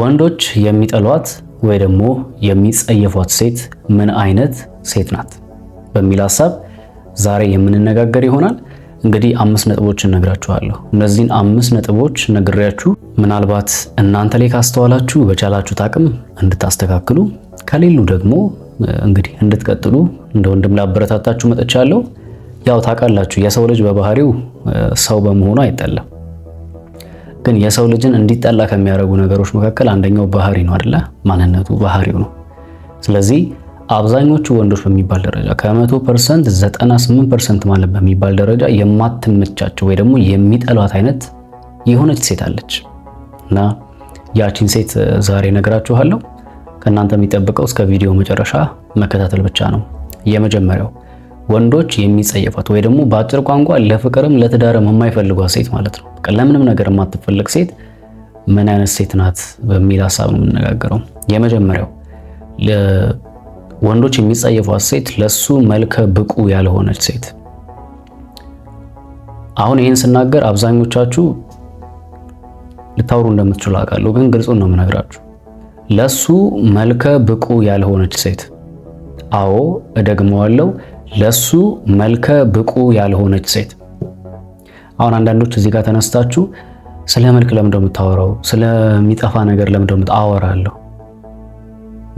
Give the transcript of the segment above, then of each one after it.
ወንዶች የሚጠሏት ወይ ደግሞ የሚጸየፏት ሴት ምን አይነት ሴት ናት በሚል ሀሳብ ዛሬ የምንነጋገር ይሆናል። እንግዲህ አምስት ነጥቦች እነግራችኋለሁ። እነዚህን አምስት ነጥቦች ነግሬያችሁ ምናልባት እናንተ ላይ ካስተዋላችሁ በቻላችሁት አቅም እንድታስተካክሉ ከሌሉ ደግሞ እንግዲህ እንድትቀጥሉ እንደ ወንድም ላበረታታችሁ መጥቻለሁ። ያው ታውቃላችሁ የሰው ልጅ በባህሪው ሰው በመሆኑ አይጠላም። ግን የሰው ልጅን እንዲጠላ ከሚያደርጉ ነገሮች መካከል አንደኛው ባህሪ ነው አይደለ? ማንነቱ ባህሪው ነው። ስለዚህ አብዛኞቹ ወንዶች በሚባል ደረጃ ከመቶ ፐርሰንት 98 ፐርሰንት ማለት በሚባል ደረጃ የማትመቻቸው ወይ ደግሞ የሚጠሏት አይነት የሆነች ሴት አለች እና ያቺን ሴት ዛሬ ነግራችኋለሁ። ከእናንተ የሚጠብቀው እስከ ቪዲዮ መጨረሻ መከታተል ብቻ ነው። የመጀመሪያው ወንዶች የሚጸየፋት ወይ ደግሞ በአጭር ቋንቋ ለፍቅርም ለትዳርም የማይፈልጓት ሴት ማለት ነው። ለምንም ነገር የማትፈልግ ሴት ምን አይነት ሴት ናት በሚል ሀሳብ ነው የምነጋገረው። የመጀመሪያው ወንዶች የሚጸየፏት ሴት ለሱ መልከ ብቁ ያልሆነች ሴት። አሁን ይህን ስናገር አብዛኞቻችሁ ልታወሩ እንደምትችሉ አውቃለሁ፣ ግን ግልጹን ነው የምነግራችሁ። ለሱ መልከ ብቁ ያልሆነች ሴት። አዎ እደግመዋለሁ ለሱ መልከ ብቁ ያልሆነች ሴት። አሁን አንዳንዶች እዚህ ጋር ተነስታችሁ ስለ መልክ ለምንድነው የምታወራው? ስለሚጠፋ ነገር ለምንድነው የምታወራለሁ?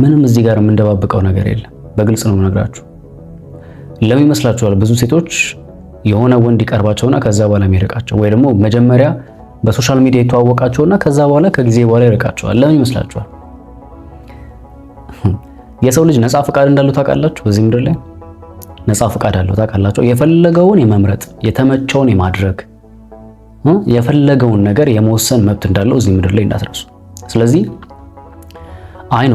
ምንም እዚህ ጋር የምንደባብቀው ነገር የለም። በግልጽ ነው የምነግራችሁ። ለምን ይመስላችኋል? ብዙ ሴቶች የሆነ ወንድ ይቀርባቸውና ከዛ በኋላ የሚርቃቸው ወይ ደግሞ መጀመሪያ በሶሻል ሚዲያ የተዋወቃቸውና ከዛ በኋላ ከጊዜ በኋላ ይርቃቸዋል። ለምን ይመስላችኋል? የሰው ልጅ ነፃ ፈቃድ እንዳለው ታውቃላችሁ በዚህ ምድር ላይ ነፃ ፈቃድ አለው ታውቃላቸው። የፈለገውን የመምረጥ የተመቸውን የማድረግ የፈለገውን ነገር የመወሰን መብት እንዳለው እዚህ ምድር ላይ እንዳትረሱ። ስለዚህ አይኖ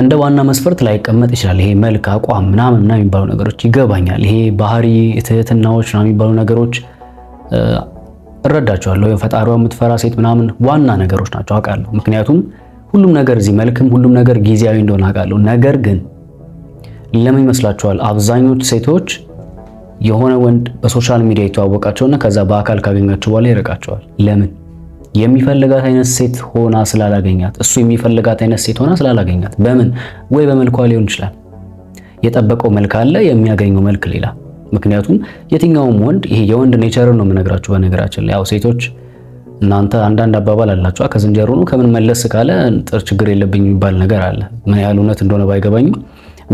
እንደ ዋና መስፈርት ላይቀመጥ ይችላል። ይሄ መልክ፣ አቋም ምናምን ምናምን የሚባሉ ነገሮች ይገባኛል። ይሄ ባህሪ፣ ትህትናዎች ምናምን የሚባሉ ነገሮች እረዳቸዋለሁ። ፈጣሪዋ የምትፈራ ሴት ምናምን ዋና ነገሮች ናቸው አውቃለሁ። ምክንያቱም ሁሉም ነገር እዚህ መልክም ሁሉም ነገር ጊዜያዊ እንደሆነ አውቃለሁ። ነገር ግን ለምን ይመስላችኋል አብዛኞቹ ሴቶች የሆነ ወንድ በሶሻል ሚዲያ የተዋወቃቸውና ከዛ በአካል ካገኛቸው በኋላ ይርቃቸዋል? ለምን የሚፈልጋት አይነት ሴት ሆና ስላላገኛት፣ እሱ የሚፈልጋት አይነት ሴት ሆና ስላላገኛት። በምን ወይ በመልኳ ሊሆን ይችላል። የጠበቀው መልክ አለ፣ የሚያገኘው መልክ ሌላ። ምክንያቱም የትኛውም ወንድ ይሄ የወንድ ኔቸር ነው የምነግራችሁ። በነገራችን ላይ ያው ሴቶች እናንተ አንዳንድ አባባል አላችሁ፣ ከዝንጀሮ ነው ከምን መለስ ካለ ችግር የለብኝ የሚባል ነገር አለ። ምን ያህል እውነት እንደሆነ ባይገባኝም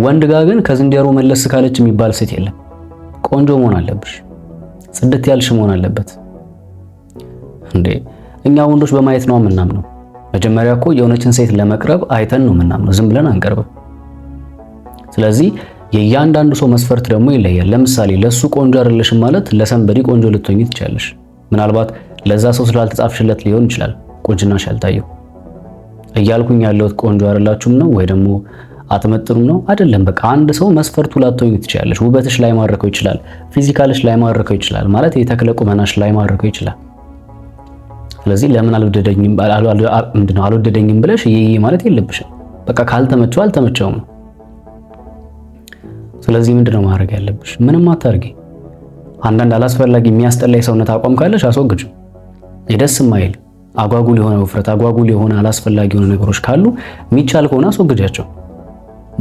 ወንድ ጋር ግን ከዝንጀሮ መለስ ካለች የሚባል ሴት የለም። ቆንጆ መሆን አለብሽ፣ ጽድት ያልሽ መሆን አለበት። እንዴ እኛ ወንዶች በማየት ነው የምናምነው። መጀመሪያ እኮ የሆነችን ሴት ለመቅረብ አይተን ነው የምናምነው፣ ዝም ብለን አንቀርብም። ስለዚህ የእያንዳንዱ ሰው መስፈርት ደግሞ ይለያል። ለምሳሌ ለሱ ቆንጆ አይደለሽም ማለት ለሰንበዲ ቆንጆ ልትሆኚ ትችላለሽ። ምናልባት ለዛ ሰው ስላልተጻፍሽለት ሊሆን ይችላል ቁንጅናሽ ያልታየው። እያልኩኝ ያለሁት ቆንጆ አይደላችሁም ነው ወይ ደግሞ አትመጥኑም ነው አይደለም። በቃ አንድ ሰው መስፈርቱ ላትሆኚ ትችያለሽ። ውበትሽ ላይ ማረከው ይችላል፣ ፊዚካልሽ ላይ ማረከው ይችላል፣ ማለት የተክለ ቁመናሽ ላይ ማረከው ይችላል። ስለዚህ ለምን አልወደደኝም አልወደደኝም ብለሽ ይሄ ማለት የለብሽም። በቃ ካልተመቸው አልተመቸውም ነው። ስለዚህ ምንድነው ማድረግ ያለብሽ? ምንም አታርጊ። አንዳንድ አላስፈላጊ የሚያስጠላ የሰውነት አቋም ካለሽ አስወግጁ። የደስ ማይል አጓጉል የሆነ ውፍረት፣ አጓጉል የሆነ አላስፈላጊ የሆነ ነገሮች ካሉ የሚቻል ከሆነ አስወግጃቸው።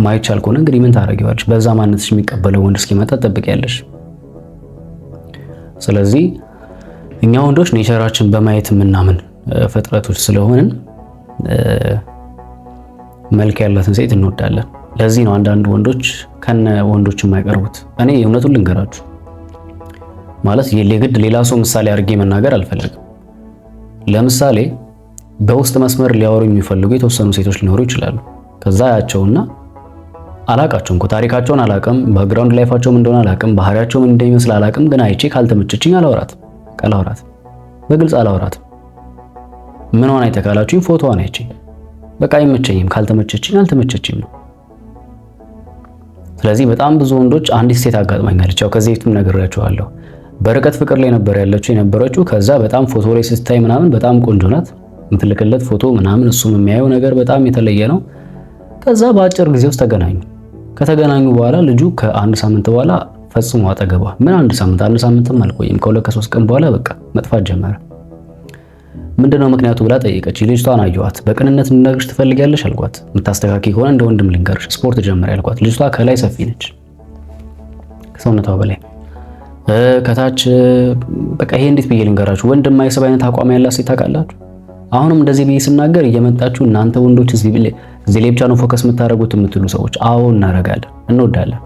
ማይቻል ከሆነ እንግዲህ ምን ታደርጊዋለሽ? በዛ ማንነትሽ የሚቀበለው ወንድ እስኪመጣ ትጠብቂያለሽ። ስለዚህ እኛ ወንዶች ኔቸራችን በማየት የምናምን ፍጥረቶች ስለሆንን መልክ ያላትን ሴት እንወዳለን። ለዚህ ነው አንዳንድ ወንዶች ከነ ወንዶች የማይቀርቡት። እኔ እውነቱን ልንገራችሁ ማለት የግድ ሌላ ሰው ምሳሌ አድርጌ መናገር አልፈልግም። ለምሳሌ በውስጥ መስመር ሊያወሩ የሚፈልጉ የተወሰኑ ሴቶች ሊኖሩ ይችላሉ። ከዛ ያቸውና አላቃቸውም እኮ ታሪካቸውን አላቅም፣ ባክግራውንድ ላይፋቸውም እንደሆነ አላቅም፣ ባህሪያቸው ምን እንደሚመስል አላቅም። ግን አይቼ ካልተመቸችኝ አላወራት ካላወራት በግልጽ አላወራትም። ምንዋን አይተህ ካላችሁኝ ፎቶዋን አይቼ በቃ አይመቸኝም፣ ካልተመቸችኝ አልተመቸችም ነው። ስለዚህ በጣም ብዙ ወንዶች አንዲት ሴት አጋጥማኛለች። ያው ከዚህ በፊትም ነግሬያቸዋለሁ። በርቀት ፍቅር ላይ ነበር ያለችው የነበረችው። ከዛ በጣም ፎቶ ላይ ስትታይ ምናምን በጣም ቆንጆ ናት፣ የምትልክለት ፎቶ ምናምን፣ እሱም የሚያየው ነገር በጣም የተለየ ነው። ከዛ በአጭር ጊዜ ውስጥ ተገናኙ። ከተገናኙ በኋላ ልጁ ከአንድ ሳምንት በኋላ ፈጽሞ አጠገቧ ምን አንድ ሳምንት አንድ ሳምንትም አልቆይም ከሁለት ከሶስት ቀን በኋላ በቃ መጥፋት ጀመረ። ምንድነው ምክንያቱ ብላ ጠየቀች። ልጅቷን አየኋት። በቅንነት እንድነግርሽ ትፈልጊያለሽ አልኳት። የምታስተካክይ ከሆነ እንደ ወንድም ልንገርሽ፣ ስፖርት ጀምሪ ያልኳት። ልጅቷ ከላይ ሰፊ ነች፣ ከሰውነቷ በላይ ከታች በቃ ይሄ እንዴት ብዬ ልንገራችሁ፣ ወንድም ማይሰብ አይነት አቋም ያላት ሴት ታውቃላችሁ። አሁንም እንደዚህ ብዬ ስናገር እየመጣችሁ እናንተ ወንዶች እዚህ እዚህ ላይ ብቻ ነው ፎከስ የምታደርጉት የምትሉ ሰዎች፣ አዎ እናደርጋለን፣ እንወዳለን።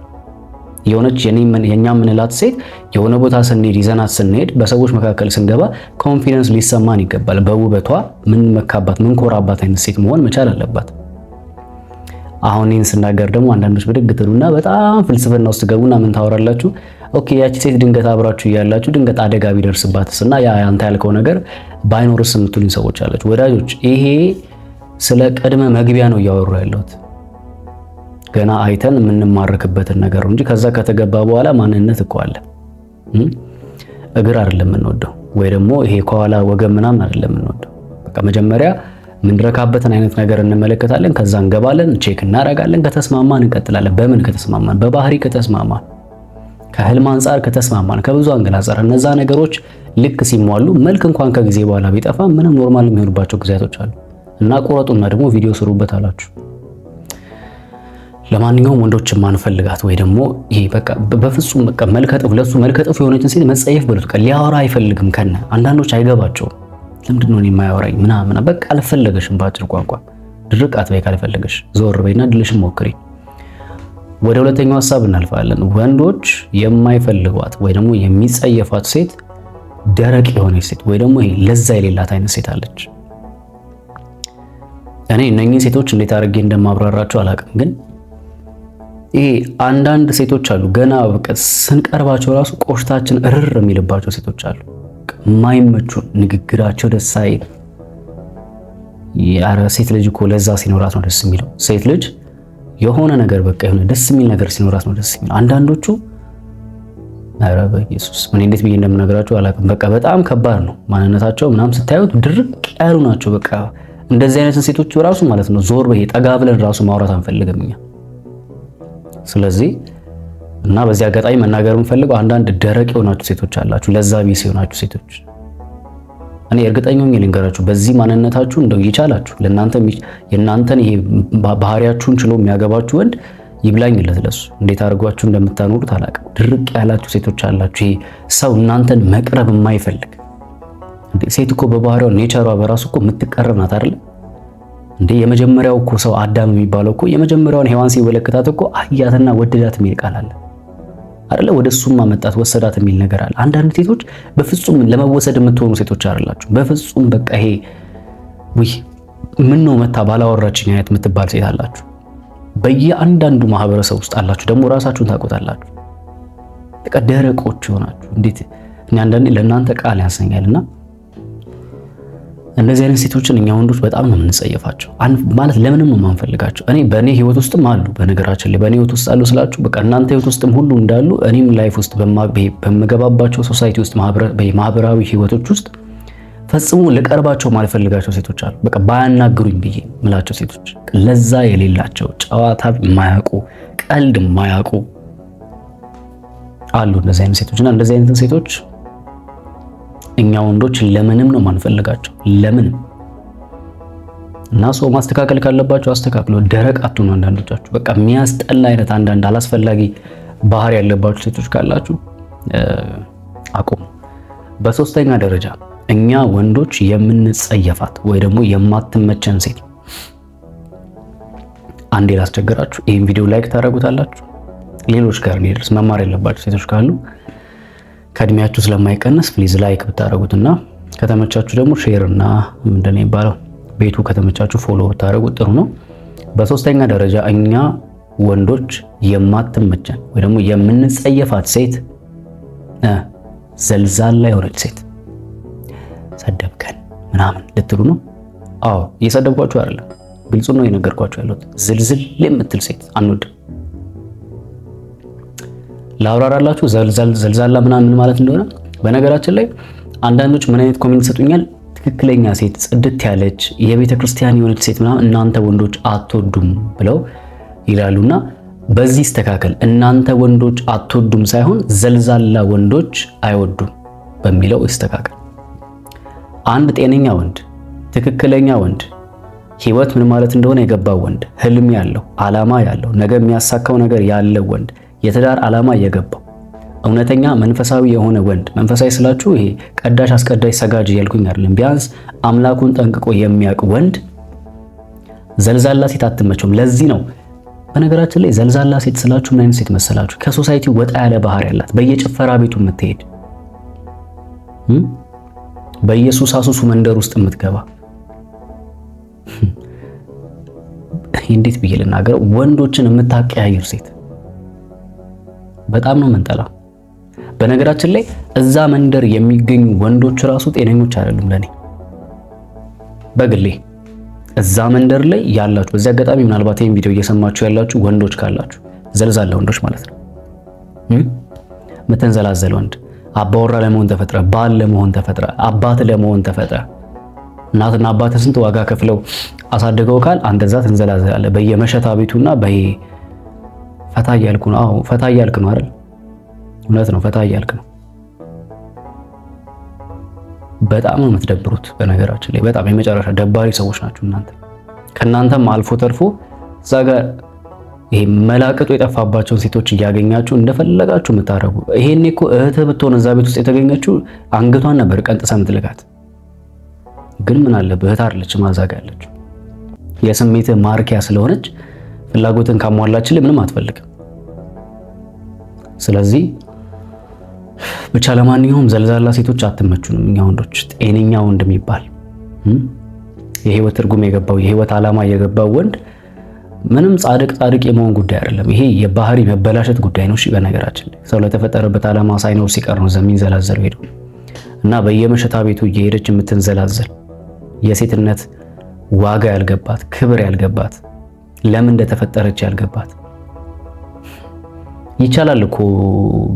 የሆነች የእኛ የምንላት ሴት የሆነ ቦታ ስንሄድ ይዘናት ስንሄድ በሰዎች መካከል ስንገባ ኮንፊደንስ ሊሰማን ይገባል። በውበቷ ምንመካባት፣ ምንኮራባት አይነት ሴት መሆን መቻል አለባት። አሁን ይህን ስናገር ደግሞ አንዳንዶች ብድግ ትሉና በጣም ፍልስፍና ውስጥ ገቡና ምን ታወራላችሁ? ኦኬ ያቺ ሴት ድንገት አብራችሁ እያላችሁ ድንገት አደጋ ቢደርስባትስ እና ያ አንተ ያልከው ነገር ባይኖርስ የምትሉኝ ሰዎች አላችሁ። ወዳጆች ይሄ ስለ ቅድመ መግቢያ ነው እያወሩ ያለሁት። ገና አይተን የምንማርክበትን ነገር ነው እንጂ ከዛ ከተገባ በኋላ ማንነት እኮ አለ። እግር አይደለም የምንወደው፣ ወይ ደግሞ ይሄ ከኋላ ወገን ምናምን አይደለም የምንወደው። በቃ መጀመሪያ የምንረካበትን አይነት ነገር እንመለከታለን። ከዛ እንገባለን፣ ቼክ እናደርጋለን። ከተስማማን እንቀጥላለን። በምን ከተስማማን? በባህሪ ከተስማማን፣ ከህልም አንጻር ከተስማማን፣ ከብዙ አንግል አንጻር እነዛ ነገሮች ልክ ሲሟሉ መልክ እንኳን ከጊዜ በኋላ ቢጠፋ ምንም ኖርማል የሚሆኑባቸው ጊዜያቶች አሉ። እና ቆረጡና ደግሞ ቪዲዮ ስሩበት አላችሁ። ለማንኛውም ወንዶች ማንፈልጋት ወይ ደግሞ ይሄ በቃ በፍጹም በቃ መልከጥፍ ለሱ መልከጥፍ የሆነችን ሴት መጸየፍ ብሎት ቃል ሊያወራ አይፈልግም። ከነ አንዳንዶች አይገባቸውም። ለምንድን ነው የማያወራኝ ምናምን በቃ አልፈለገሽም። በአጭር ቋንቋ ድርቅ አትበይ። ካልፈለገሽ ዞር በይና ድልሽም ሞክሪ። ወደ ሁለተኛው ሀሳብ እናልፋለን። ወንዶች የማይፈልጓት ወይ ደግሞ የሚጸየፏት ሴት ደረቅ የሆነች ሴት ወይ ደግሞ ይሄ ለዛ የሌላት አይነት ሴት አለች። እኔ እነኚህ ሴቶች እንዴት አድርጌ እንደማብራራቸው አላውቅም፣ ግን ይሄ አንዳንድ ሴቶች አሉ ገና በቃ ስንቀርባቸው ራሱ ቆሽታችን እርር የሚልባቸው ሴቶች አሉ። የማይመቹ ንግግራቸው ደስ አይል። ያረ ሴት ልጅ እኮ ለዛ ሲኖራት ነው ደስ የሚለው። ሴት ልጅ የሆነ ነገር በቃ የሆነ ደስ የሚል ነገር ሲኖራት ነው ደስ የሚለው። አንዳንዶቹ ኧረ በኢየሱስ እኔ እንዴት ብዬ እንደምነግራቸው አላውቅም። በቃ በጣም ከባድ ነው። ማንነታቸው ምናምን ስታዩት ድርቅ ያሉ ናቸው በቃ እንደዚህ አይነትን ሴቶች ራሱ ማለት ነው ዞር በይ ጠጋ ብለን ራሱ ማውራት አንፈልግም እኛ። ስለዚህ እና በዚህ አጋጣሚ መናገር የምፈልገው አንዳንድ ደረቅ የሆናችሁ ሴቶች አላችሁ፣ ለዛ ቢስ የሆናችሁ ሴቶች እኔ እርግጠኛ ሆኜ ልንገራችሁ፣ በዚህ ማንነታችሁ እንደው ይቻላችሁ ለእናንተ የእናንተን ይሄ ባህሪያችሁን ችሎ የሚያገባችሁ ወንድ ይብላኝ ለትለሱ እንዴት አድርጓችሁ እንደምታኖሩት አላውቅም። ድርቅ ያላችሁ ሴቶች አላችሁ፣ ይሄ ሰው እናንተን መቅረብ የማይፈልግ ሴት እኮ በባህሪዋ ኔቸሯ በራሱ እኮ የምትቀረብ ናት አይደል እንዴ? የመጀመሪያው እኮ ሰው አዳም የሚባለው እኮ የመጀመሪያውን ሔዋን ሲመለከታት እኮ አህያትና ወደዳት የሚል ቃል አለ አይደለ? ወደ እሱም አመጣት ወሰዳት የሚል ነገር አለ። አንዳንድ ሴቶች በፍጹም ለመወሰድ የምትሆኑ ሴቶች አይደላችሁ። በፍጹም በቃ ይሄ ውይ ምን ነው መታ ባላወራችኝ አይነት የምትባል ሴት አላችሁ። በየአንዳንዱ ማህበረሰብ ውስጥ አላችሁ። ደግሞ ራሳችሁን ታቆጣላችሁ። በቃ ደረቆች ሆናችሁ እንዴት እኔ አንዳንዴ ለእናንተ ቃል ያሰኛልና እንደዚህ አይነት ሴቶችን እኛ ወንዶች በጣም ነው የምንጸየፋቸው። ማለት ለምንም ነው የማንፈልጋቸው። እኔ በእኔ ህይወት ውስጥም አሉ። በነገራችን ላይ በእኔ ህይወት ውስጥ አሉ ስላችሁ በቃ እናንተ ህይወት ውስጥም ሁሉ እንዳሉ እኔም ላይፍ ውስጥ በምገባባቸው ሶሳይቲ ውስጥ ማህበራዊ ህይወቶች ውስጥ ፈጽሞ ልቀርባቸው ማልፈልጋቸው ሴቶች አሉ። በቃ ባያናግሩኝ ብዬ ምላቸው ሴቶች፣ ለዛ የሌላቸው ጨዋታ ማያውቁ ቀልድ ማያውቁ አሉ እንደዚህ አይነት ሴቶች እና እንደዚህ አይነት ሴቶች እኛ ወንዶች ለምንም ነው ማንፈልጋቸው ለምንም እና ሰው ማስተካከል ካለባቸው አስተካክሎ ደረቅ አትሆኑ። አንዳንዶቻችሁ በቃ የሚያስጠላ አይነት አንዳንድ አላስፈላጊ ባህሪ ያለባችሁ ሴቶች ካላችሁ አቁሙ። በሶስተኛ ደረጃ እኛ ወንዶች የምንጸየፋት ወይ ደግሞ የማትመቸን ሴት አንዴ ላስቸግራችሁ፣ ይህን ቪዲዮ ላይክ ታደርጉታላችሁ፣ ሌሎች ጋር እንዲደርስ መማር ያለባችሁ ሴቶች ካሉ ከእድሜያችሁ ስለማይቀንስ ፕሊዝ ላይክ ብታደረጉትና ከተመቻችሁ ደግሞ ሼር እና ምንድን ነው የሚባለው ቤቱ ከተመቻችሁ ፎሎ ብታደረጉት ጥሩ ነው። በሶስተኛ ደረጃ እኛ ወንዶች የማትመቸን ወይ ደግሞ የምንጸየፋት ሴት ዘልዛላ የሆነች ሴት ሰደብከን ምናምን ልትሉ ነው። አዎ እየሰደብኳችሁ አይደለም፣ ግልጹ ነው የነገርኳችሁ ያለሁት። ዝልዝል የምትል ሴት አንወድም። ላብራራላችሁ ዘልዛላ ምናምን ማለት እንደሆነ። በነገራችን ላይ አንዳንዶች ምን አይነት ኮሜንት ይሰጡኛል፣ ትክክለኛ ሴት ጽድት ያለች የቤተ ክርስቲያን የሆነች ሴት ምናምን እናንተ ወንዶች አትወዱም ብለው ይላሉና በዚህ ይስተካከል። እናንተ ወንዶች አትወዱም ሳይሆን ዘልዛላ ወንዶች አይወዱም በሚለው ይስተካከል። አንድ ጤነኛ ወንድ፣ ትክክለኛ ወንድ፣ ህይወት ምን ማለት እንደሆነ የገባው ወንድ፣ ህልም ያለው አላማ ያለው ነገ የሚያሳካው ነገር ያለው ወንድ የትዳር ዓላማ እየገባው እውነተኛ መንፈሳዊ የሆነ ወንድ መንፈሳዊ ስላችሁ ይሄ ቀዳሽ አስቀዳሽ ሰጋጅ ያልኩኝ አይደለም። ቢያንስ አምላኩን ጠንቅቆ የሚያውቅ ወንድ ዘልዛላ ሴት አትመቸውም። ለዚህ ነው በነገራችን ላይ ዘልዛላ ሴት ስላችሁ ምን አይነት ሴት መሰላችሁ? ከሶሳይቲ ወጣ ያለ ባህሪ ያላት በየጭፈራ ቤቱ የምትሄድ በኢየሱስ አሱሱ መንደር ውስጥ የምትገባ እንዴት ብዬ ልናገረው ወንዶችን የምታቀያየር ሴት በጣም ነው የምንጠላው። በነገራችን ላይ እዛ መንደር የሚገኙ ወንዶች ራሱ ጤነኞች አይደሉም። ለኔ በግሌ እዛ መንደር ላይ ያላችሁ በዚህ አጋጣሚ ምናልባት ይህን ቪዲዮ እየሰማችሁ ያላችሁ ወንዶች ካላችሁ ዘልዛለ ወንዶች ማለት ነው ምትንዘላዘል ወንድ አባወራ ለመሆን ተፈጥረ፣ ባል ለመሆን ተፈጥረ፣ አባት ለመሆን ተፈጥረ፣ እናትና አባት ስንት ዋጋ ከፍለው አሳድገው ካል አንተ እዛ በየመሸታ ቤቱና በየ ፈታ እያልኩ ነው። አዎ ፈታ እያልክ ነው አይደል? እውነት ነው፣ ፈታ እያልክ ነው። በጣም ነው የምትደብሩት። በነገራችን ላይ በጣም የመጨረሻ ደባሪ ሰዎች ናችሁ እናንተ። ከእናንተም አልፎ ተርፎ እዛ ጋር ይሄ መላቀጡ የጠፋባቸውን ሴቶች እያገኛችሁ እንደፈለጋችሁ የምታደርጉ። ይሄኔ እኮ እህትህ ብትሆን እዛ ቤት ውስጥ የተገኘችው አንገቷን ነበር ቀንጥሳ የምትልካት። ግን ምን አለ እህት አለች ማዛጋ ያለችው የስሜትህ ማርኪያ ስለሆነች ፍላጎትን ካሟላችልህ ምንም አትፈልግም። ስለዚህ ብቻ ለማንኛውም ዘልዛላ ሴቶች አትመቹንም። እኛ ወንዶች ጤነኛ ወንድ የሚባል የህይወት ትርጉም የገባው የህይወት ዓላማ የገባው ወንድ ምንም ጻድቅ ጻድቅ የመሆን ጉዳይ አይደለም። ይሄ የባህሪ መበላሸት ጉዳይ ነው። እሺ፣ በነገራችን ላይ ሰው ለተፈጠረበት ዓላማ ሳይኖር ሲቀር ነው የሚንዘላዘል ሄዱ እና በየመሸታ ቤቱ እየሄደች የምትንዘላዘል የሴትነት ዋጋ ያልገባት ክብር ያልገባት ለምን እንደተፈጠረች ያልገባት። ይቻላል እኮ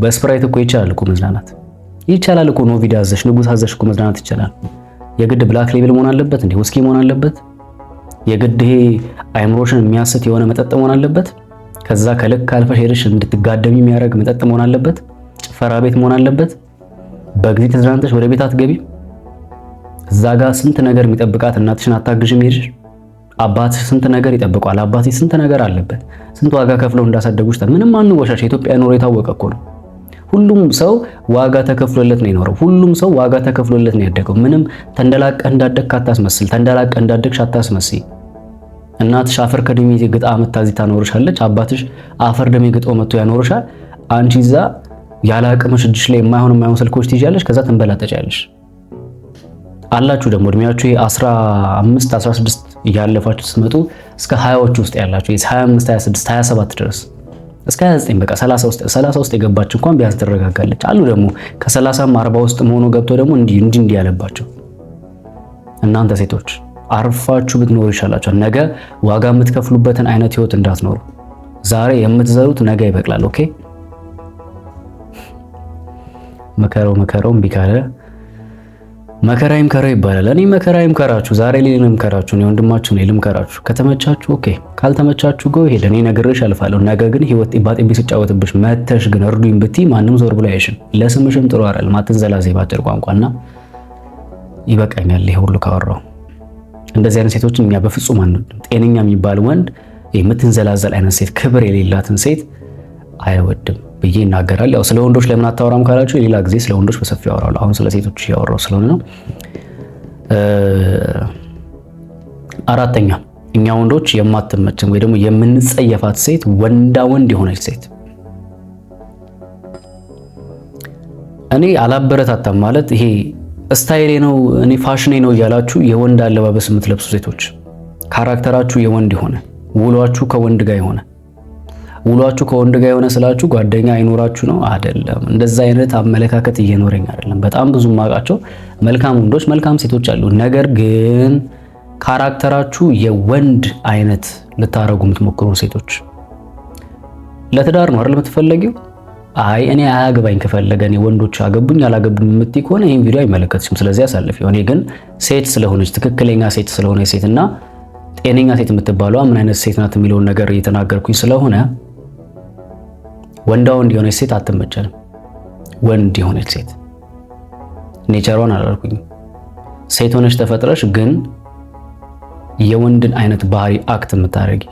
በስፕራይት እኮ ይቻላል እኮ መዝናናት ይቻላል እኮ ኖቪድ አዘሽ ንጉስ አዘሽ እኮ መዝናናት ይቻላል። የግድ ብላክ ሌብል መሆን አለበት እንዴ? ውስኪ መሆን አለበት? የግድ ይሄ አይምሮሽን የሚያስት የሆነ መጠጥ መሆን አለበት? ከዛ ከልክ አልፈሽ ሄደሽ እንድትጋደሚ የሚያደርግ መጠጥ መሆን አለበት? ጭፈራ ቤት መሆን አለበት? በጊዜ ተዝናንተሽ ወደ ቤት አትገቢም? እዛ ጋር ስንት ነገር የሚጠብቃት እናትሽን አታግዥም ሄደሽ አባት ስንት ነገር ይጠብቋል። አባት ስንት ነገር አለበት። ስንት ዋጋ ከፍለው እንዳሳደጉሽ ምንም አንወሻሽ። የኢትዮጵያ ኑሮ የታወቀ እኮ ነው። ሁሉም ሰው ዋጋ ተከፍሎለት ነው የኖረው። ሁሉም ሰው ዋጋ ተከፍሎለት ነው ያደገው። ምንም ተንደላቀ እንዳደግክ አታስመስል። ተንደላቀ እንዳደግሽ አታስመስይ። እናትሽ አፈር ከደሜ ግጣ መታዚ ታኖርሻለች። አባትሽ አፈር ደሜ ግጦ መጥቶ ያኖርሻል። አንቺ እዛ ያለ አቅምሽ እጅሽ ላይ የማይሆን የማይሆን ስልኮች ትይዣለሽ። ከዛ ትንበላጠጫለሽ። አላችሁ ደግሞ እድሜያችሁ 15 16 እያለፋችሁ ስትመጡ እስከ ሀያዎቹ ውስጥ ያላችሁ 25፣ 26፣ 27 ድረስ እስከ 29 በቃ 30 ውስጥ የገባች እንኳን ቢያንስ ትረጋጋለች። አሉ ደግሞ ከ30 40 ውስጥ መሆኑ ገብቶ ደግሞ እንዲህ እንዲህ ያለባቸው እናንተ ሴቶች አርፋችሁ ብትኖሩ ይሻላችኋል። ነገ ዋጋ የምትከፍሉበትን አይነት ህይወት እንዳትኖሩ። ዛሬ የምትዘሩት ነገ ይበቅላል። ኦኬ መከረው መከረው እምቢ ካለ መከራይም ከራ ይባላል። እኔ መከራይም ከራችሁ ዛሬ ላይ ልምከራችሁ ነው፣ ወንድማችሁ ነው ልምከራችሁ። ከተመቻችሁ ኦኬ፣ ካልተመቻችሁ ጎ ሄድ። እኔ ነግሬሽ አልፋለሁ። ነገ ግን ህይወት ባጤ ቢስ ሲጫወትብሽ መተሽ ግን እርዱኝ ብቲ ማንም ዞር ብሎ አይሽም። ለስምሽም ጥሩ አይደለም። አትንዘላዜ ባጭር ቋንቋና ይበቃኛል። ይሄ ሁሉ ካወራው እንደዚህ አይነት ሴቶችን እኛ በፍጹም አንወድም። ጤነኛ የሚባል ወንድ የምትንዘላዘል አይነት ሴት፣ ክብር የሌላትን ሴት አይወድም። ብዬ ይናገራል። ያው ስለ ወንዶች ለምን አታወራም ካላችሁ የሌላ ጊዜ ስለ ወንዶች በሰፊው ያወራሉ። አሁን ስለ ሴቶች እያወራሁ ስለሆነ ነው። አራተኛ እኛ ወንዶች የማትመችን ወይ ደግሞ የምንጸየፋት ሴት ወንዳ ወንድ የሆነች ሴት እኔ አላበረታታም። ማለት ይሄ ስታይሌ ነው እኔ ፋሽኔ ነው እያላችሁ የወንድ አለባበስ የምትለብሱ ሴቶች ካራክተራችሁ የወንድ የሆነ ውሏችሁ ከወንድ ጋር የሆነ ውሏችሁ ከወንድ ጋር የሆነ ስላችሁ ጓደኛ አይኖራችሁ ነው አይደለም። እንደዛ አይነት አመለካከት እየኖረኝ አይደለም። በጣም ብዙ ማውቃቸው መልካም ወንዶች፣ መልካም ሴቶች አሉ። ነገር ግን ካራክተራችሁ የወንድ አይነት ልታረጉ የምትሞክሩ ሴቶች ለትዳር ነው አይደል የምትፈለጊው? አይ እኔ አያገባኝ ከፈለገ እኔ ወንዶች አገቡኝ አላገቡኝ የምትይ ከሆነ ይህን ቪዲዮ አይመለከትሽም። ስለዚህ አሳልፊው። እኔ ግን ሴት ስለሆነች ትክክለኛ ሴት ስለሆነ ሴትና ጤነኛ ሴት የምትባለዋ ምን አይነት ሴት ናት የሚለውን ነገር እየተናገርኩኝ ስለሆነ ወንዳ ወንድ የሆነች ሴት አትመቸንም። ወንድ የሆነች ሴት ኔቸሯን አላልኩኝም። ሴት ሆነች ተፈጥረሽ ግን የወንድን አይነት ባህሪ አክት የምታደርጊ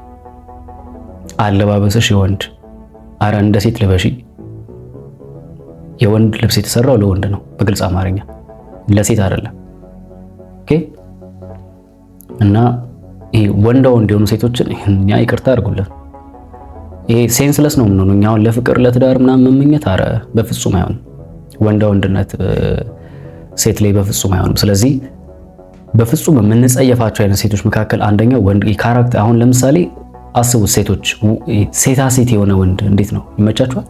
አለባበስሽ የወንድ አረ እንደ ሴት ልበሺ። የወንድ ልብስ የተሰራው ለወንድ ነው፣ በግልጽ አማርኛ ለሴት አይደለም። ኦኬ እና ይሄ ወንዳ ወንድ የሆኑ ሴቶችን እኛ ይቅርታ አድርጉልን። ይሄ ሴንስለስ ነው ምን እኛ አሁን ለፍቅር ለትዳር ምናምን መመኘት፣ አረ በፍጹም አይሆን። ወንደ ወንድነት ሴት ላይ በፍጹም አይሆንም። ስለዚህ በፍጹም የምንጸየፋቸው አይነት ሴቶች መካከል አንደኛው ወንድ ካራክተር። አሁን ለምሳሌ አስቡት ሴቶች፣ ሴታ ሴት የሆነ ወንድ እንዴት ነው ይመቻችኋል?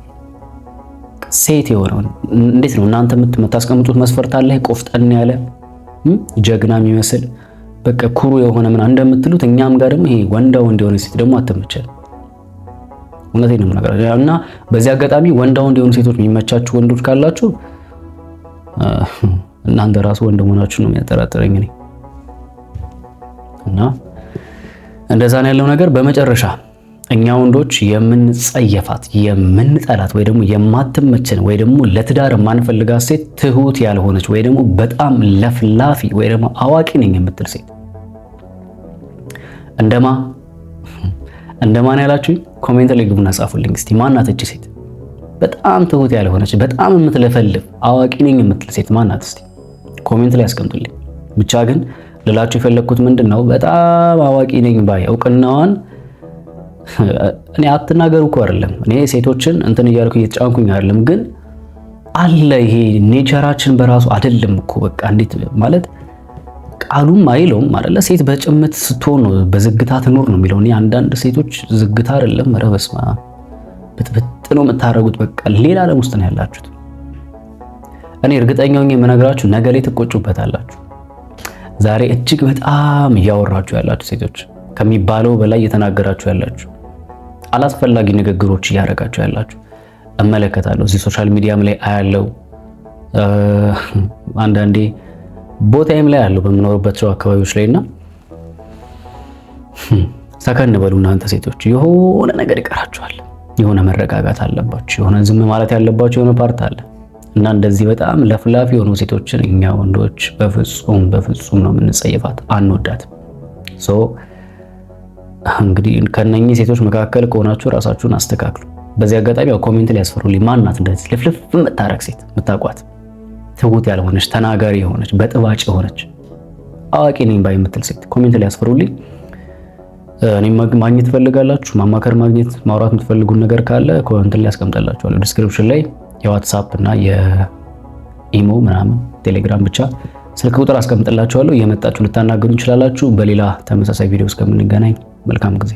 ሴት የሆነ ወንድ እንዴት ነው እናንተ የምታስቀምጡት መስፈርት አለ? ቆፍጠን ያለ ጀግና የሚመስል በቃ ኩሩ የሆነ ምን እንደምትሉት፣ እኛም ጋር ደግሞ ይሄ ወንዳ ወንድ የሆነ ሴት ደግሞ አትመቸል እውነቴን ነው ነገር እና በዚህ አጋጣሚ ወንዳ ወንድ የሆኑ ሴቶች የሚመቻችሁ ወንዶች ካላችሁ እናንተ ራሱ ወንድ መሆናችሁ ነው የሚያጠራጥረኝ እኔ እና እንደዛ ነው ያለው ነገር። በመጨረሻ እኛ ወንዶች የምንጸየፋት የምንጠላት ወይ ደግሞ የማትመችን ወይ ደግሞ ለትዳር የማንፈልጋት ሴት ትሁት ያልሆነች ወይ ደግሞ በጣም ለፍላፊ ወይ ደግሞ አዋቂ ነኝ የምትል ሴት እንደማ እንደማን ያላችሁኝ? ኮሜንት ላይ ግቡና ጻፉልኝ እስቲ ማናት እቺ ሴት? በጣም ትሁት ያልሆነች በጣም የምትለፈልፍ አዋቂ ነኝ የምትል ሴት ማናት? እስቲ ኮሜንት ላይ አስቀምጡልኝ ብቻ ግን ልላችሁ የፈለግኩት ምንድን ነው በጣም አዋቂ ነኝ ባይ እውቅናዋን እኔ አትናገሩ እኮ አይደለም እኔ ሴቶችን እንትን እያልኩ እየተጫንኩኝ አይደለም ግን አለ ይሄ ኔቸራችን በራሱ አይደለም እኮ በቃ እንዴት ማለት ቃሉም አይለውም አለ ሴት በጭምት ስትሆን ነው በዝግታ ትኖር ነው የሚለው። እኔ አንዳንድ ሴቶች ዝግታ አይደለም ኧረ በስመ አብ ነው የምታደርጉት። በቃ ሌላ ዓለም ውስጥ ነው ያላችሁት። እኔ እርግጠኛ ሆኜ የምነግራችሁ ነገ ላይ ትቆጩበታላችሁ። ዛሬ እጅግ በጣም እያወራችሁ ያላችሁ ሴቶች ከሚባለው በላይ እየተናገራችሁ ያላችሁ አላስፈላጊ ንግግሮች እያደረጋችሁ ያላችሁ እመለከታለሁ። እዚህ ሶሻል ሚዲያም ላይ አያለው አንዳንዴ ቦታዬም ላይ አለው በምኖርባቸው አካባቢዎች ላይ እና hm፣ ሰከን በሉ እናንተ ሴቶች፣ የሆነ ነገር ይቀራችኋል። የሆነ መረጋጋት አለባችሁ። የሆነ ዝም ማለት ያለባችሁ የሆነ ፓርት አለ እና እንደዚህ በጣም ለፍላፊ የሆኑ ሴቶችን እኛ ወንዶች በፍጹም በፍጹም ነው የምንጸይፋት፣ አንወዳትም። እንግዲህ ከነኚህ ሴቶች መካከል ከሆናችሁ ራሳችሁን አስተካክሉ። በዚህ አጋጣሚ ያው ኮሜንት ላይ ማናት እንደዚህ ልፍልፍ የምታረግ ሴት የምታውቋት? ትሁት ያልሆነች ተናጋሪ የሆነች በጥባጭ የሆነች አዋቂ ነኝ ባይ የምትል ሴት ኮሜንት ላይ ያስፈሩልኝ። እኔ ማግኘት ትፈልጋላችሁ፣ ማማከር ማግኘት ማውራት የምትፈልጉን ነገር ካለ ኮሜንት ላይ ያስቀምጠላችኋለሁ። ዲስክሪፕሽን ላይ የዋትሳፕ እና የኢሞ ምናምን ቴሌግራም ብቻ ስልክ ቁጥር አስቀምጥላችኋለሁ። እየመጣችሁ ልታናገሩ እንችላላችሁ። በሌላ ተመሳሳይ ቪዲዮ እስከምንገናኝ መልካም ጊዜ